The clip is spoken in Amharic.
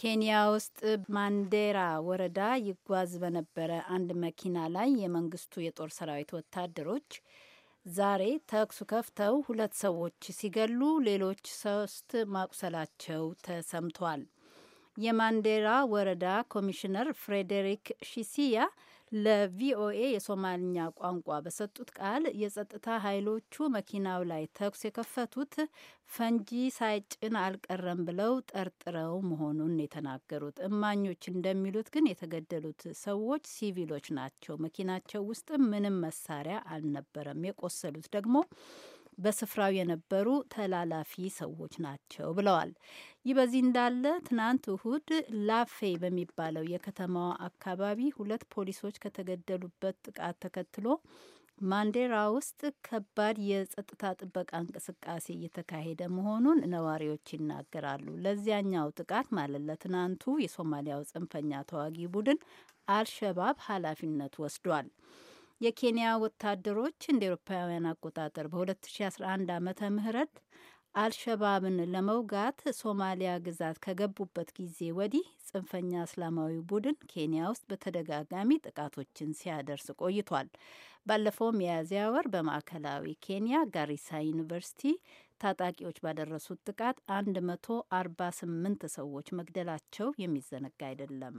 ኬንያ ውስጥ ማንዴራ ወረዳ ይጓዝ በነበረ አንድ መኪና ላይ የመንግስቱ የጦር ሰራዊት ወታደሮች ዛሬ ተኩስ ከፍተው ሁለት ሰዎች ሲገሉ ሌሎች ሶስት ማቁሰላቸው ተሰምቷል። የማንዴራ ወረዳ ኮሚሽነር ፍሬዴሪክ ሺሲያ ለቪኦኤ የሶማልኛ ቋንቋ በሰጡት ቃል የጸጥታ ኃይሎቹ መኪናው ላይ ተኩስ የከፈቱት ፈንጂ ሳይጭን አልቀረም ብለው ጠርጥረው መሆኑን የተናገሩት። እማኞች እንደሚሉት ግን የተገደሉት ሰዎች ሲቪሎች ናቸው። መኪናቸው ውስጥ ምንም መሳሪያ አልነበረም። የቆሰሉት ደግሞ በስፍራው የነበሩ ተላላፊ ሰዎች ናቸው ብለዋል። ይህ በዚህ እንዳለ ትናንት እሁድ ላፌ በሚባለው የከተማዋ አካባቢ ሁለት ፖሊሶች ከተገደሉበት ጥቃት ተከትሎ ማንዴራ ውስጥ ከባድ የጸጥታ ጥበቃ እንቅስቃሴ እየተካሄደ መሆኑን ነዋሪዎች ይናገራሉ። ለዚያኛው ጥቃት ማለት ለትናንቱ የሶማሊያው ጽንፈኛ ተዋጊ ቡድን አልሸባብ ኃላፊነት ወስዷል። የኬንያ ወታደሮች እንደ ኤሮፓውያን አቆጣጠር በ2011 ዓመተ ምህረት አልሸባብን ለመውጋት ሶማሊያ ግዛት ከገቡበት ጊዜ ወዲህ ጽንፈኛ እስላማዊ ቡድን ኬንያ ውስጥ በተደጋጋሚ ጥቃቶችን ሲያደርስ ቆይቷል። ባለፈው ሚያዝያ ወር በማዕከላዊ ኬንያ ጋሪሳ ዩኒቨርሲቲ ታጣቂዎች ባደረሱት ጥቃት 148 ሰዎች መግደላቸው የሚዘነጋ አይደለም።